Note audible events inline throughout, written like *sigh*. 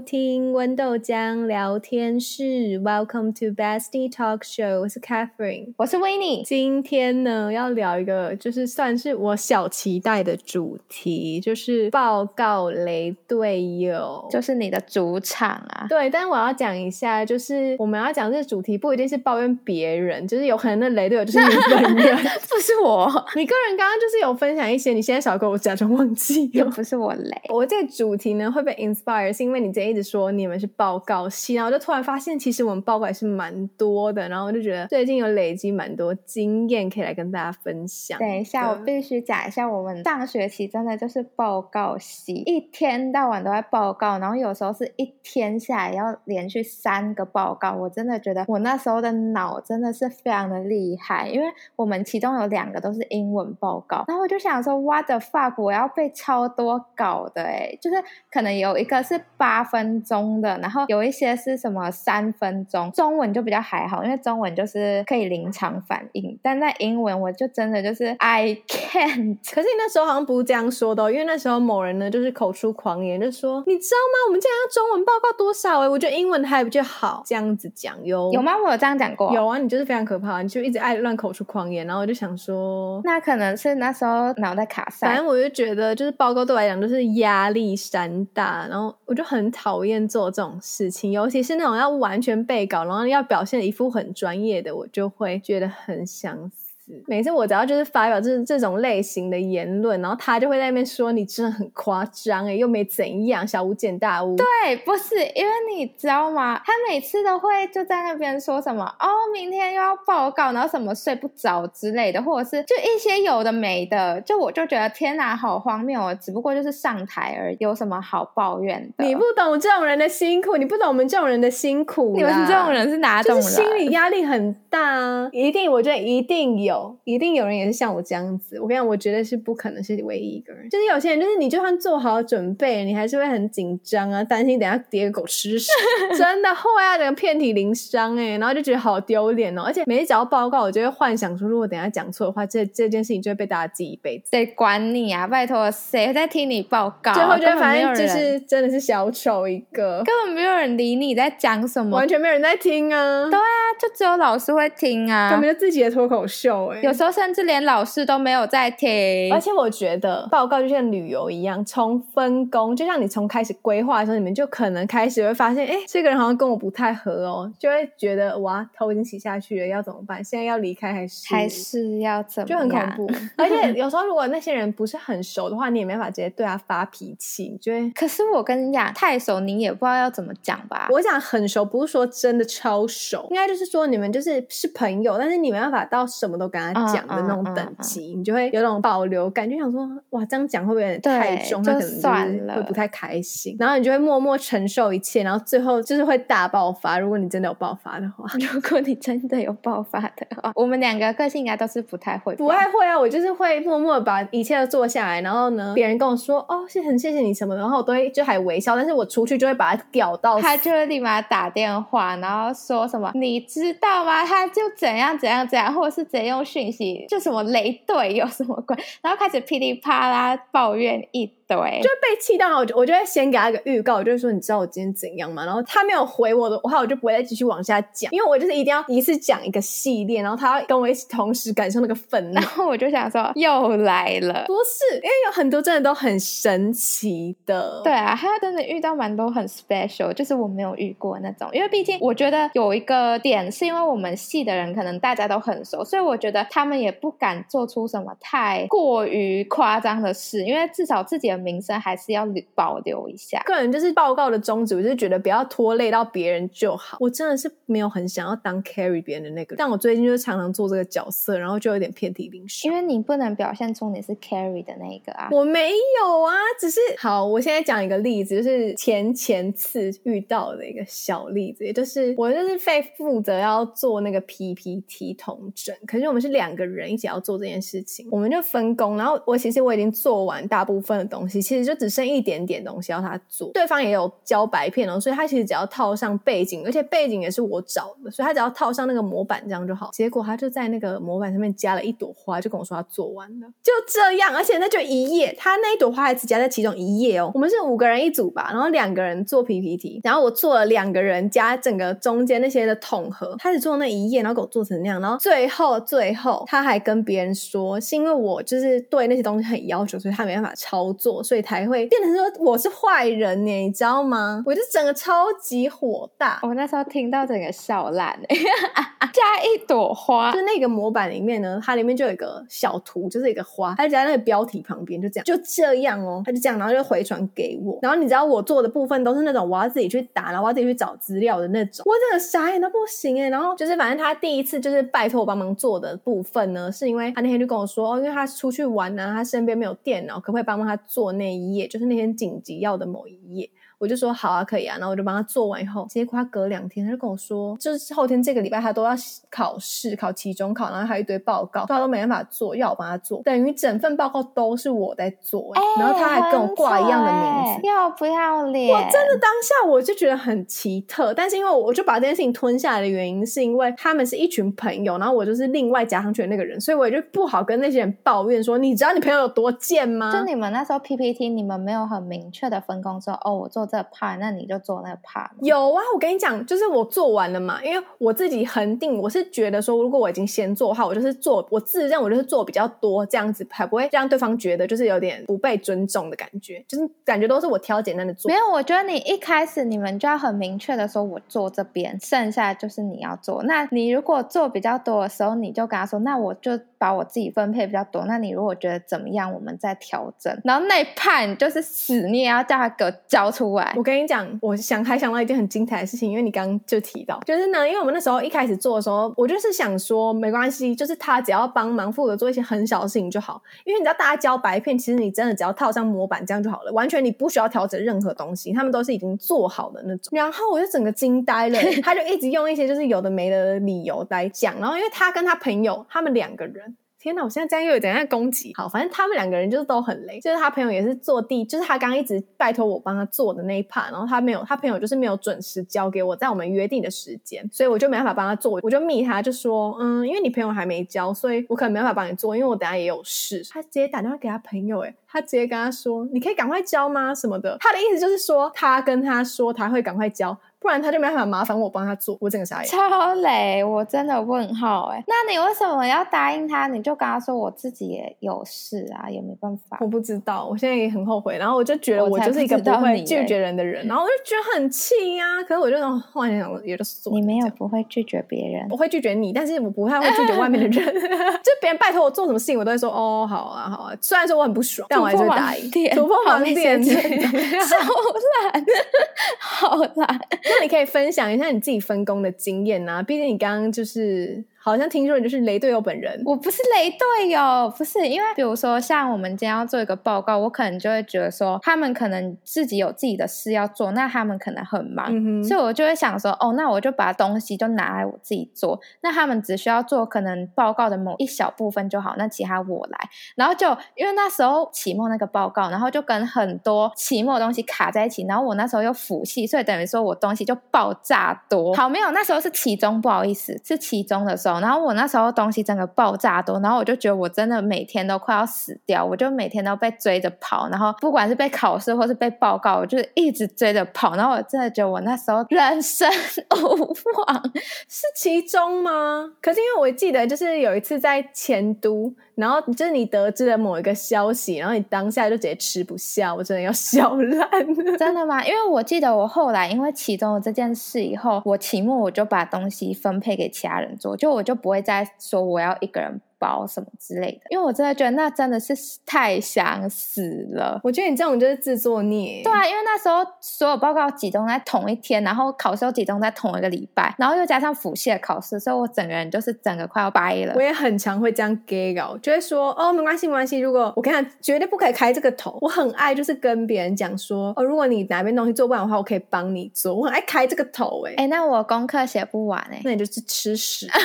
聽溫逗江聊天室，Welcome to Bestie Talk Show。我是 Catherine，我是 Winnie。今天呢，要聊一個就是算是我小期待的主題，就是報告雷隊友，就是你的主場啊。對，但我要講一下，就是我們要講這個主題不一定是抱怨別人，就是有可能那雷隊友就是你本人， *laughs* 不是我。 *laughs* 你個人剛剛就是有分享一些，你現在小哥我假裝忘記，又不是我雷。我這個主題呢會被 inspire，是因為你這。一直說你們是報告系，然後我就突然發現，其實我們報告還是蠻多的。然後我就覺得最近有累積蠻多經驗，可以來跟大家分享。等一下，嗯，我必須講一下，我們上學期真的就是報告系，一天到晚都在報告，然後有時候是一天下來要連續三個報告。我真的覺得我那時候的腦真的是非常的厲害，因為我們其中有兩個都是英文報告，然後我就想說，What the fuck，我要背超多稿的哎，就是可能有一個是八分。分鐘的，然後有一些是什麼三分鐘。中文就比較還好，因為中文就是可以臨場反應，但在英文我就真的就是 I can't。可是你那時候好像不是這樣說的、哦，因為那時候某人呢就是口出狂言，就是、說你知道嗎？我們竟然要中文報告多少哎？我覺得英文還不就好這樣子講喲。有,有嗎？我有這樣講過？有啊，你就是非常可怕、啊，你就一直愛亂口出狂言。然後我就想說，那可能是那時候腦袋卡塞。反正我就覺得，就是報告對我來講都是壓力山大，然後我就很討厭。討厭做這種事情，尤其是那種要完全背稿，然後要表現一副很專業的，我就會覺得很想死。每次我只要就是發表這這種類型的言論，然後他就會在那邊說，你真的很誇張哎、欸，又沒怎樣，小巫見大巫。對，不是，因為你知道嗎？他每次都會就在那邊說什麼哦，明天又要報告，然後什麼睡不着之類的，或者是就一些有的沒的，就我就覺得天哪，好荒謬啊！我只不過就是上台而已，有什麼好抱怨的？你不懂這種人的辛苦，你不懂我們這種人的辛苦。你們是這種人是哪種人？心理壓力很大，一定，我覺得一定有。一定有人也是像我這樣子，我跟你講，我覺得是不可能是唯一一個人。就是有些人，就是你就算做好準備，你還是會很緊張啊，擔心等下跌個狗吃屎、屎， *laughs* 真的，會啊，整個遍體鱗傷哎，然後就覺得好丟臉哦。而且每次講報告，我就會幻想說，如果等下講錯的話，這這件事情就會被大家記一輩子。對，管你啊，拜託，誰在聽你報告啊？最後就反正就是真的是小丑一個，根本沒有人理你在講什麼，完全沒有人在聽啊。對啊，就只有老師會聽啊，根本就自己的脫口秀。有時候甚至連老師都沒有在聽，而且我覺得報告就像旅遊一樣，從分工，就像你從開始規劃的時候，你們就可能開始會發現，哎，這個人好像跟我不太合哦，就會覺得哇，頭已經洗下去了，要怎麼辦？現在要離開還是還是要怎麼？就很恐怖。 *laughs* 而且有時候如果那些人不是很熟的話，你也沒法直接對他發脾氣，你就會，可是我跟你講，太熟，你也不知道要怎麼講吧？我講很熟，不是說真的超熟，應該就是說你們就是是朋友，但是你沒辦法到什麼都。跟他講的那種等級，uh, uh, uh, uh, uh. 你就會有那種保留感覺，想說哇，這樣講會不會有點太凶對他可能就是會不太開心。然後你就會默默承受一切，然後最後就是會大爆發。如果你真的有爆發的話，如果你真的有爆發的話，哦、我們兩個個性應該都是不太會，不太會啊。我就是會默默把一切都做下來，然後呢，別人跟我說哦，謝謝，謝謝你什麼，然後我都會就還微笑，但是我出去就會把他搞到，他就立馬打電話，然後說什麼你知道嗎？他就怎樣怎樣怎樣，或者是怎樣訊息就什麼雷隊友什麼鬼，然後開始噼里啪啦抱怨一。對，就被氣到，我就我就會先給他一個預告，我就是說你知道我今天怎樣嗎？然後他沒有回我的話，我就不會再繼續往下講，因為我就是一定要一次講一個系列，然後他要跟我一起同時感受那個氛圍，然後我就想說，又來了，不是？因為有很多真的都很神奇的，對啊，他真的遇到蠻多很 special，就是我沒有遇過那種。因為畢竟我覺得有一個點是因為我們系的人可能大家都很熟，所以我覺得他們也不敢做出什麼太過於誇張的事，因為至少自己。名聲還是要留保留一下。個人就是報告的宗旨，我就覺得不要拖累到別人就好。我真的是沒有很想要當 carry 別人的那個，但我最近就是常常做這個角色，然後就有點遍體鱗傷。因為你不能表現出你是 carry 的那一個啊。我沒有啊，只是好，我現在講一個例子，就是前前次遇到的一個小例子，也就是我就是非負責要做那個 PPT 統整，可是，我們是兩個人一起要做這件事情，我們就分工，然後我其實我已經做完大部分的東西。其實就只剩一點點東西要他做，對方也有膠白片哦，所以他其實只要套上背景，而且背景也是我找的，所以他只要套上那個模板這樣就好。結果他就在那個模板上面加了一朵花，就跟我說他做完了，就這樣，而且那就一頁，他那一朵花還只加在其中一頁哦。我們是五個人一組吧，然後兩個人做 PPT，然後我做了兩個人加整個中間那些的統合，他只做那一頁，然後給我做成那樣，然後最後最後他還跟別人說是因為我就是對那些東西很要求，所以他沒辦法操作，所以才會變成說我是壞人呢，你知道嗎？我就整個超級火大，我那時候聽到整個笑爛。 *laughs* 加一朵花，就那個模板裡面呢，它裡面就有一個小圖，就是一個花，它就在那個標題旁邊，就這樣，就這樣哦，它就這樣，然後就回傳給我。然後你知道我做的部分都是那種我要自己去打，然後我要自己去找資料的那種，我真的傻眼到不行哎。然後就是反正他第一次就是拜託我幫忙做的部分呢，是因為他那天就跟我說哦，因為他出去玩然後、啊、他身邊沒有電腦，可不可以幫幫他做？那一頁就是那天緊急要的某一頁。我就說好啊，可以啊，然後我就幫他做完以後，結果他隔兩天他就跟我說，就是後天這個禮拜他都要考試，考期中考，然後還有一堆報告，都他都沒辦法做，要我幫他做，等於整份報告都是我在做，欸、然後他還跟我掛一樣的名字，要、欸、不要臉？我真的當下我就覺得很奇特，但是因為我就把這件事情吞下來的原因，是因為他們是一群朋友，然後我就是另外加上去的那個人，所以我也就不好跟那些人抱怨說，你知道你朋友有多賤嗎？就你們那時候 PPT，你們沒有很明確的分工說，哦，我做。在拍，這 part, 那你就做那 part。有啊，我跟你講，就是我做完了嘛，因為我自己恆定，我是覺得說，如果我已經先做的話，我就是做，我自認我就是做比較多這樣子，才不會讓對方覺得就是有點不被尊重的感覺，就是感覺都是我挑簡單的做。沒有，我覺得你一開始你們就要很明確的說，我做這邊，剩下就是你要做。那你如果做比較多的時候，你就跟他說，那我就把我自己分配比較多。那你如果覺得怎麼樣，我們再調整。然後那 part 就是死，你也要叫他給交出。我跟你講，我想還想到一件很精彩的事情，因為你剛剛就提到，就是呢，因為我們那時候一開始做的時候，我就是想說，沒關係，就是他只要幫忙負責做一些很小的事情就好，因為你知道大家交白片，其實你真的只要套上模板這樣就好了，完全你不需要調整任何東西，他們都是已經做好的那種。然後我就整個驚呆了， *laughs* 他就一直用一些就是有的沒的理由來講，然後因為他跟他朋友，他們兩個人。天哪！我現在這樣又有點像攻擊。好，反正他們兩個人就是都很雷。就是他朋友也是坐地，就是他剛剛一直拜托我幫他做的那一 part，然後他沒有，他朋友就是沒有準時交給我在我們約定的時間，所以我就沒辦法幫他做。我就密他就說，嗯，因為你朋友還沒交，所以我可能沒辦法幫你做，因為我等下也有事。他直接打電話給他朋友，哎，他直接跟他說，你可以趕快交嗎？什麼的。他的意思就是說，他跟他說他會趕快交。不然他就沒辦法麻煩我幫他做，我整個傻眼。超累，我真的問號哎！那你為什麼要答應他？你就跟他說我自己也有事啊，也沒辦法。我不知道，我現在也很後悔。然後我就覺得我就是一個不會拒絕人的人，欸、然後我就覺得很氣啊！可是我就能，幻想，我也就說你沒有不會拒絕別人，我會拒絕你，但是我不太會拒絕外面的人。呃、 *laughs* 就別人拜托我做什麼事情，我都會說哦，好啊，好啊。雖然說我很不爽，但我還是會答應。廚房床墊，對超懶爛， *laughs* 好懶。那你可以分享一下你自己分工的經驗啊，畢竟你剛剛就是。好像聽說你就是雷隊友本人，我不是雷隊友，不是，因為比如說像我們今天要做一個報告，我可能就會覺得說，他們可能自己有自己的事要做，那他們可能很忙，嗯、哼所以我就會想說，哦，那我就把東西就拿來我自己做，那他們只需要做可能報告的某一小部分就好，那其他我來，然後就因為那時候期末那個報告，然後就跟很多期末的東西卡在一起，然後我那時候又輔系，所以等於說我東西就爆炸多，好，沒有，那時候是期中，不好意思，是期中的時候。然後我那時候東西整個爆炸多，然後我就覺得我真的每天都快要死掉，我就每天都被追着跑，然後不管是被考試或是被報告，我就是一直追着跑，然後我真的覺得我那時候人生無、哦、望是其中嗎？可是因為我記得就是有一次在前都。然後就是你得知了某一個消息，然後你當下就直接吃不下，我真的要笑爛了。真的嗎？因為我記得我後來因為啟動了這件事以後，我期末我就把東西分配給其他人做，就我就不會再說我要一個人。包什麼之類的，因為我真的覺得那真的是太想死了。我覺得你這種就是自作孽。對啊，因為那時候所有報告集中在同一天，然後考試又集中在同一個禮拜，然後又加上輔系的考試，所以我整個人就是整個快要掰了。我也很常會這樣 gag，我就會說哦，沒關係，沒關係。如果我跟他絕對不可以開這個頭，我很愛就是跟別人講說哦，如果你哪邊東西做不完的話，我可以幫你做。我很愛開這個頭，哎哎、欸，那我功課寫不完。欸，哎，那你就是吃屎。 *laughs*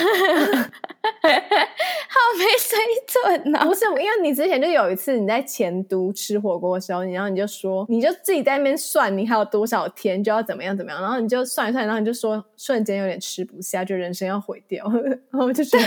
最準吶、哦！不是，因為你之前就有一次你在前都吃火鍋的時候，然後你就說，你就自己在那邊算你還有多少天就要怎麼樣怎麼樣，然後你就算一算，然後你就說瞬間有點吃不下，就人生要毀掉，對然後就是對，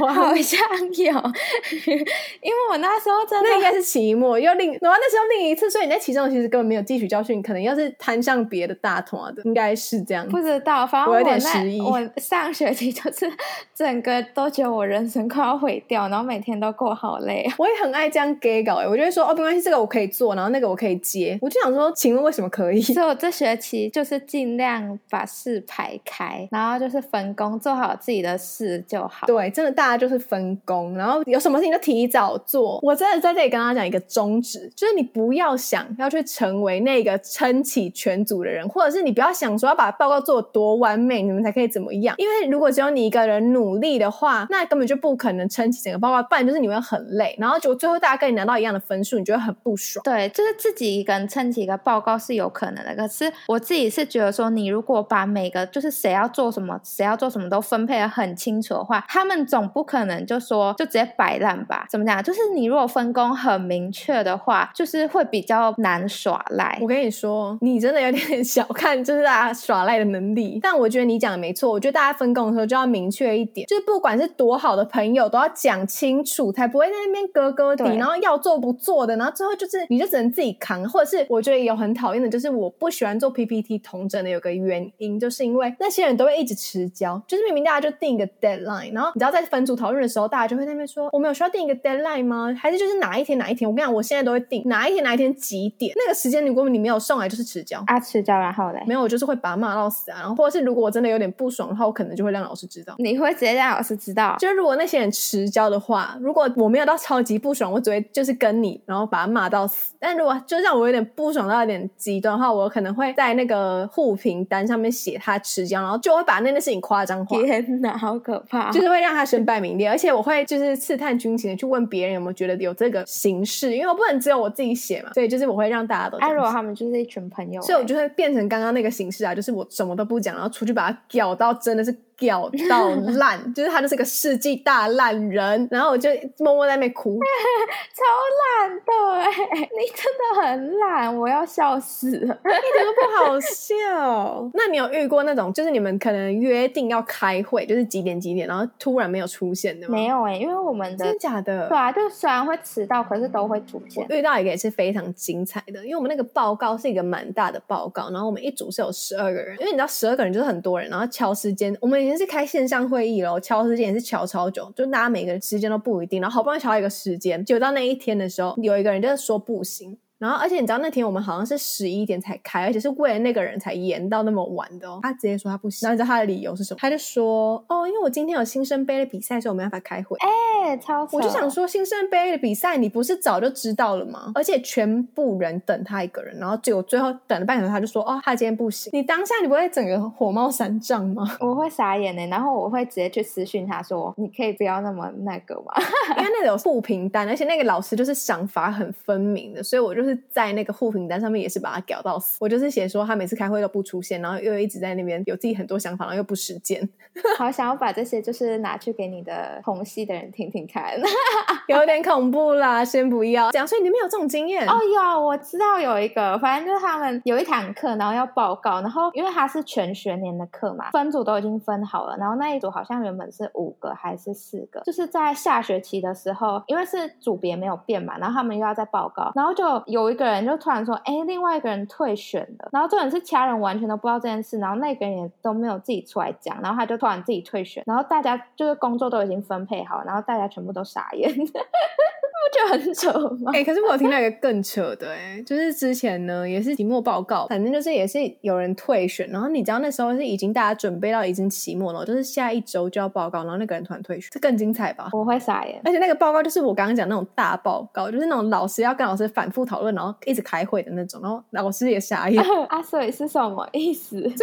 我好像有，因為我那時候真的那應該是期末又另，然後那時候另一次，所以你在其中其實根本沒有汲取教訓，可能要是攤上別的大同啊，的，應該是這樣，不知道，反正我有點失憶。我上學期就是整個都覺得我人生快要毀掉。然後每天都過好累啊，我也很愛這樣 g 給稿誒。我就會說，哦，沒關係，這個我可以做，然後那個我可以接。我就想說，請問為什麼可以？所以我這學期就是盡量把事排開，然後就是分工，做好自己的事就好。對，真的大家就是分工，然後有什麼事情就提早做。我真的在這裡跟大家講一個宗旨，就是你不要想要去成為那個撐起全組的人，或者是你不要想說要把報告做得多完美，你們才可以怎麼樣？因為如果只有你一個人努力的話，那根本就不可能撐起，整個報告，不然就是你會很累，然後就最後大家跟你拿到一樣的分數，你覺得很不爽。對，就是自己一個人撐起一個報告是有可能的，可是我自己是覺得說，你如果把每個就是誰要做什麼，誰要做什麼都分配得很清楚的話，他們總不可能就說就直接擺爛吧？怎麼講？就是你如果分工很明確的話，就是會比較難耍賴。我跟你說，你真的有點小看就是大家耍賴的能力。但我覺得你講的沒錯，我覺得大家分工的時候就要明確一點，就是不管是多好的朋友，都要。講清楚才不會在那邊咯咯底。對然後要做不做的，然後最後就是你就只能自己扛，或者是我覺得有很討厭的就是，我不喜歡做 PPT 統整的有個原因就是因為那些人都會一直遲交，就是明明大家就定一個 deadline，然後你知道在分組討論的時候，大家就會在那邊說我們有需要定一個 deadline 嗎？還是就是哪一天哪一天？我跟你講，我現在都會定哪一天哪一天，哪一天幾點那個時間，如果你沒有上來就是遲交啊，遲交然後嘞，沒有我就是會把他罵到死啊，然後或者是如果我真的有點不爽的話，我可能就會讓老師知道，你會直接讓老師知道，就是如果那些人遲教的話，如果我沒有到超級不爽，我只會就是跟你，然後把他罵到死。但如果就像我有點不爽到有點極端的話，我可能會在那個互評單上面寫他持槍，然後就會把那件事情誇張化。天吶，好可怕！就是會讓他身敗名裂，是而且我會就是刺探軍情的去問別人有沒有覺得有這個形式，因為我不能只有我自己寫嘛。所以就是我會讓大家都。艾羅、啊、他們就是一群朋友、欸，所以我就會變成剛剛那個形式啊，就是我什麼都不講，然後出去把他搞到真的是。屌到爛，就是他，就是個世紀大爛人。 *laughs* 然後我就默默在那邊哭， *laughs* 超爛的、欸，你真的很爛，我要笑死了，一點都不好笑。 *laughs* 那你有遇過那種，就是你們可能約定要開會，就是幾點幾點，然後突然沒有出現的嗎？沒有哎、欸，因為我們的真假的對啊，就雖然會遲到，可是都會出現。 *laughs* 遇到一個也是非常精彩的，因為我們那個報告是一個蠻大的報告，然後我們一組是有十二個人，因為你知道十二個人就是很多人，然後敲時間我們。先是開線上會議咯，敲時間也是敲超久，就大家每個人時間都不一定，然後好不容易敲一個時間，就到那一天的時候，有一個人就是說不行。然後，而且你知道那天我們好像是十一點才開，而且是為了那個人才延到那麼晚的哦。他直接說他不行，然後你知道他的理由是什麼？他就說：“哦，因為我今天有新生杯的比賽，所以我沒辦法開會。”哎、欸，超扯。我就想說，新生杯的比賽你不是早就知道了嗎？而且全部人等他一個人，然後結果最後等了半小時，他就說：“哦，他今天不行。”你當下你不會整個火冒三丈嗎？我會傻眼呢，然後我會直接去私訊他說：“你可以不要那麼那個嗎？” *laughs* 因為那種不評單，而且那個老師就是想法很分明的，所以我就是。就是在那個互評單上面也是把他屌到死，我就是寫說他每次開會都不出現，然後又一直在那邊有自己很多想法，然後又不實踐好。好 *laughs* 想要把這些就是拿去給你的同系的人聽聽看， *laughs* 有點恐怖啦。 *laughs* 先不要講，所以你沒有這種經驗？哦喲，我知道有一個，反正就是他們有一堂課，然後要報告，然後因為他是全學年的課嘛，分組都已經分好了，然後那一組好像原本是五個還是四個，就是在下學期的時候，因為是組別沒有變嘛，然後他們又要再報告，然後就。有一個人就突然說：“哎、欸，另外一個人退選了。”然後這人是其他人完全都不知道這件事，然後那個人也都沒有自己出來講，然後他就突然自己退選，然後大家就是工作都已經分配好，然後大家全部都傻眼。 *laughs* 不覺得很扯嗎？哎、欸，可是我有聽到一個更扯的哎、欸， *laughs* 就是之前呢也是期末報告，反正就是也是有人退選，然後你知道那時候是已經大家準備到已經期末了，就是下一周就要報告，然後那個人突然退選，這更精彩吧？我會傻眼，而且那個報告就是我剛剛講那種大報告，就是那種老師要跟老師反覆討論，然後一直開會的那種，然後老師也傻眼。啊所以、嗯啊、是什麼意思？最後就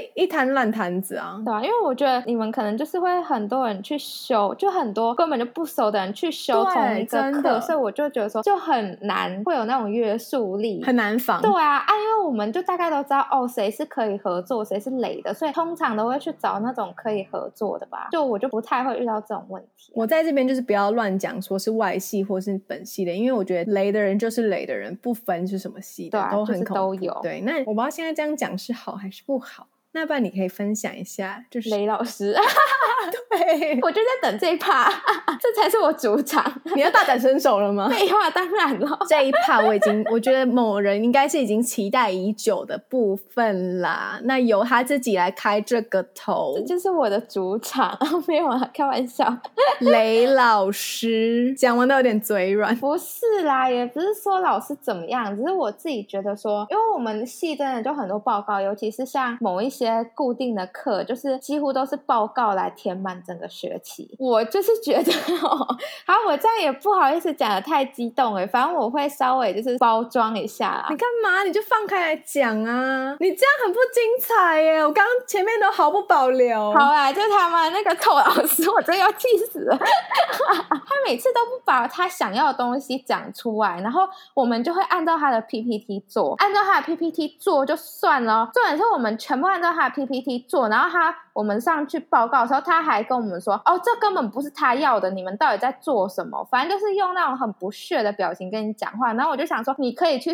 是一攤爛攤子啊，對吧、啊？因為我覺得你們可能就是會很多人去修，就很多根本就不熟的人去修同對一個真。所以我就覺得說，就很難會有那種約束力，很難防。對啊，啊，因為我們就大概都知道，哦，誰是可以合作，誰是雷的，所以通常都會去找那種可以合作的吧。就我就不太會遇到這種問題。我在這邊就是不要亂講，說是外系或是本系的，因為我覺得雷的人就是雷的人，不分是什麼系的，對啊，都很恐怖，都有。對，那我不知道現在這樣講是好還是不好。那不然你可以分享一下，就是雷老師，哈哈哈。對，我就在等這一趴。 *laughs* 這才是我主場，你要大展身手了嗎？廢話、 *laughs* 哎、當然了，這一趴我已經，我覺得某人應該是已經期待已久的部分啦， *laughs* 那由他自己來開這個頭，這就是我的主場， *laughs* 沒有啊，開玩笑，雷老師講完都有點嘴軟，不是啦，也不是說老師怎麼樣，只是我自己覺得說，因為我們系真的就很多報告，尤其是像某一些。些固定的課就是幾乎都是報告來填滿整個學期，我就是覺得好，哦啊，我再也不好意思講得太激動，反正我會稍微就是包裝一下，啊，你幹嘛？你就放開來講啊！你這樣很不精彩耶！我剛剛前面都毫不保留。好啊，就他們那個臭老師，我真要氣死了。 *laughs* 他每次都不把他想要的東西講出來，然後我們就會按照他的 PPT 做，按照他的 PPT 做就算了。做完之後，我們全部按照他的 PPT 做，然後他我們上去報告的時候，他還跟我們說：“哦，這根本不是他要的，你們到底在做什麼？”反正就是用那種很不屑的表情跟你講話。然後我就想說，你可以去。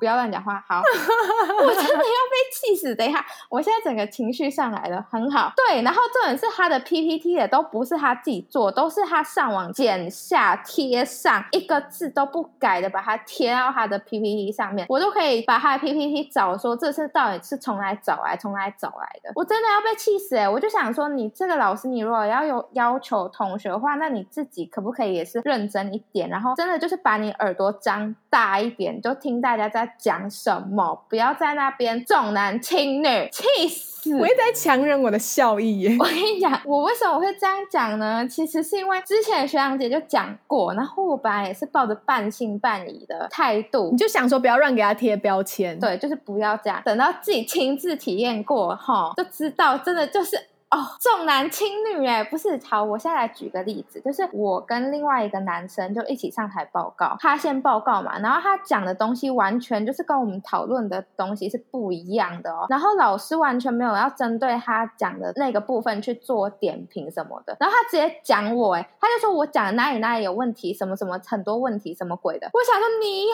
不要亂講話！好， *laughs* 我真的要被氣死！等一下，我現在整個情緒上來了，很好。對，然後重點是他的 PPT 也都不是他自己做，都是他上網剪下貼上，一個字都不改的把它貼到他的 PPT 上面，我都可以把他的 PPT 找說這次到底是從哪裡找來從哪裡找來的，我真的要被氣死、欸！哎，我就想說，你這個老師，你如果要有要求同學的話，那你自己可不可以也是認真一點，然後真的就是把你耳朵張大一點，就聽大家在。講什麼？不要在那邊重男輕女，氣死！我一直在強忍我的笑意耶。我跟你講，我為什麼我會這樣講呢？其實是因為之前學長姐就講過，然後我本來也是抱着半信半疑的態度，你就想說不要亂給他貼標籤，對，就是不要這樣。等到自己親自體驗過哈，就知道真的就是。哦，重男輕女哎，不是，好，我現在來舉個例子，就是我跟另外一個男生就一起上台報告，他先報告嘛，然後他講的東西完全就是跟我們討論的東西是不一樣的哦，然後老師完全沒有要針對他講的那個部分去做點評什麼的，然後他直接講我哎，他就說我講的哪裡哪裡有問題，什麼什麼很多問題，什麼鬼的，我想說你。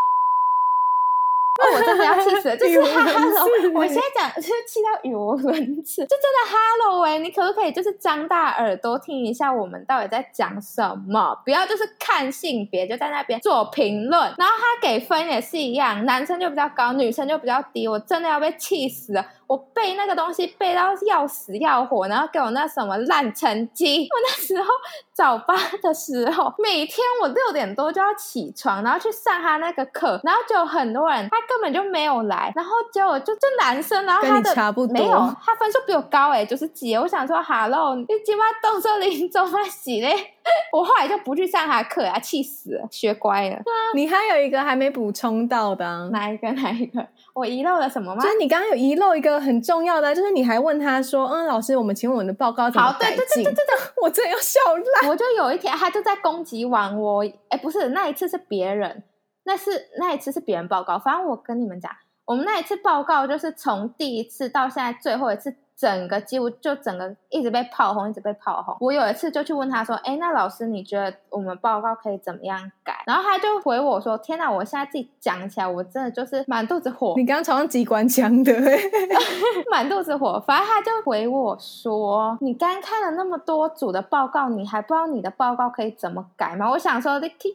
我真的要氣死了， *laughs* 就是哈嘍，我現在講，就是氣到語無倫次。就真的哈嘍，喂，你可不可以就是張大耳朵聽一下我們到底在講什麼？不要就是看性別就在那邊做評論。然後他給分也是一樣，男生就比較高，女生就比較低。我真的要被氣死了。我背那個東西背到要死要活，然後給我那什麼爛成績。我那時候早八的時候，每天我六點多就要起床，然後去上他那個課，然後就很多人，他根本就沒有來，然後就就就男生，然後他的跟你差不多沒有，他分數比我高誒九十幾。我想說，hello，你今晚動作力怎麼幾嘞？我後來就不去上他課呀，氣死了，學乖了。啊、你還有一個還沒補充到的、啊，哪一個？哪一個？我遺漏了什麼嗎？就是你剛剛有遺漏一個很重要的，就是你還問他說：“嗯，老師，我們請問我們的報告怎麼改進？好，對對對對對對，對對對對 *laughs* 我真的要笑爛。我就有一天，他就在攻擊完我，哎，不是那一次是別人，那是那一次是別人報告。反正我跟你們講。我們那一次報告，就是從第一次到現在最後一次，整個幾乎就整個一直被炮轟，一直被炮轟。我有一次就去問他說：“哎、欸，那老師，你覺得我們報告可以怎麼樣改？”然後他就回我說：“天哪、啊，我現在自己講起來，我真的就是滿肚子火。”你剛剛從機關槍的，滿 *laughs* 肚子火。反正他就回我說：“你剛剛看了那麼多組的報告，你還不知道你的報告可以怎麼改嗎？”我想說，你去。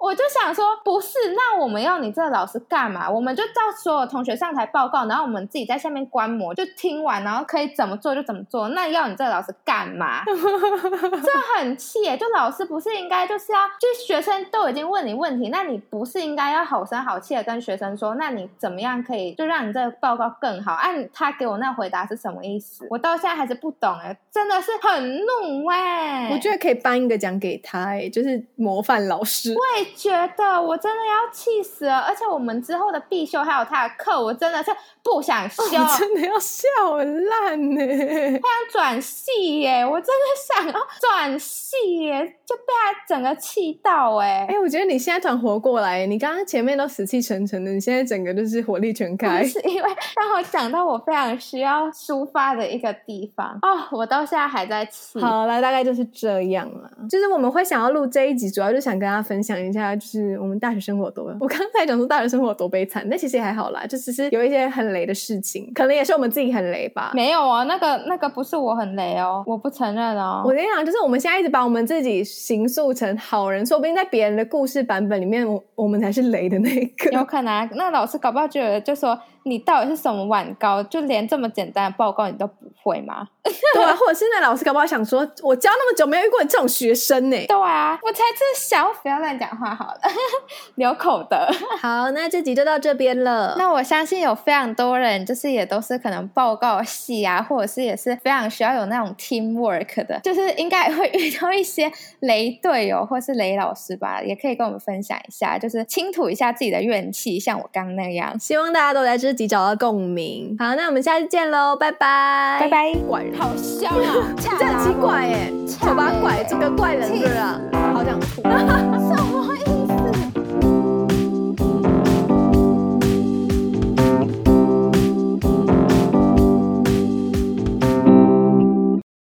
我就想說，不是，那我們要你這個老師幹嘛？我們就叫所有同學上台報告，然後我們自己在下面觀摩，就聽完，然後可以怎麼做就怎麼做。那要你這個老師幹嘛？ *laughs* 很氣哎、欸，就老師不是應該就是要，就學生都已經問你問題，那你不是應該要好聲好氣的跟學生說，那你怎麼樣可以就讓你這個報告更好？按、啊、他給我那回答是什麼意思？我到現在還是不懂哎、欸，真的是很怒哎、欸！我覺得可以頒一個獎給他哎、欸，就是模範老師。我也覺得，我真的要氣死了，而且我們之後的必修還有他的課，我真的是不想修，你真的要笑爛呢、欸！我想轉系哎、欸，我真的想要轉。氣耶，就被他整個氣到哎！哎、欸，我覺得你現在突然活過來，你剛剛前面都死氣沉沉的，你現在整個就是火力全開。是因為剛好講到我非常需要抒發的一個地方 *laughs* 哦，我到現在還在氣。好了，大概就是這樣了。就是我們會想要錄這一集，主要就想跟大家分享一下，就是我們大學生活多了。我剛才講說大學生活有多悲慘，那其實也還好啦，就其實有一些很雷的事情，可能也是我們自己很雷吧。沒有啊、哦，那個那個不是我很雷哦，我不承認哦。我跟你講，就是我們現在。一直把我們自己形塑成好人，說不定在別人的故事版本裡面，我我們才是雷的那一個。有可能啊，那老師搞不好覺得就說。你到底是什麼碗糕？就連這麼簡單的報告你都不會嗎？ *laughs* 對啊，或者是那老師搞不好想說，我教那麼久沒有遇過你這種學生呢、欸。 *laughs* 對啊，我才這小，不要亂講話好了， *laughs* 留口德。 *laughs* 好，那這集就到這邊了。那我相信有非常多人，就是也都是可能報告系啊，或者是也是非常需要有那種 teamwork 的，就是應該會遇到一些雷隊友或是雷老師吧，也可以跟我們分享一下，就是傾吐一下自己的怨氣，像我剛那樣。希望大家都在這。自己找到共鳴，好，那我們下次見嘍，拜拜，拜拜 bye，怪人，好香啊， *laughs* 這樣很奇怪哎、欸，醜八怪，這個怪人是不是？ *laughs* 好想哭。 *laughs*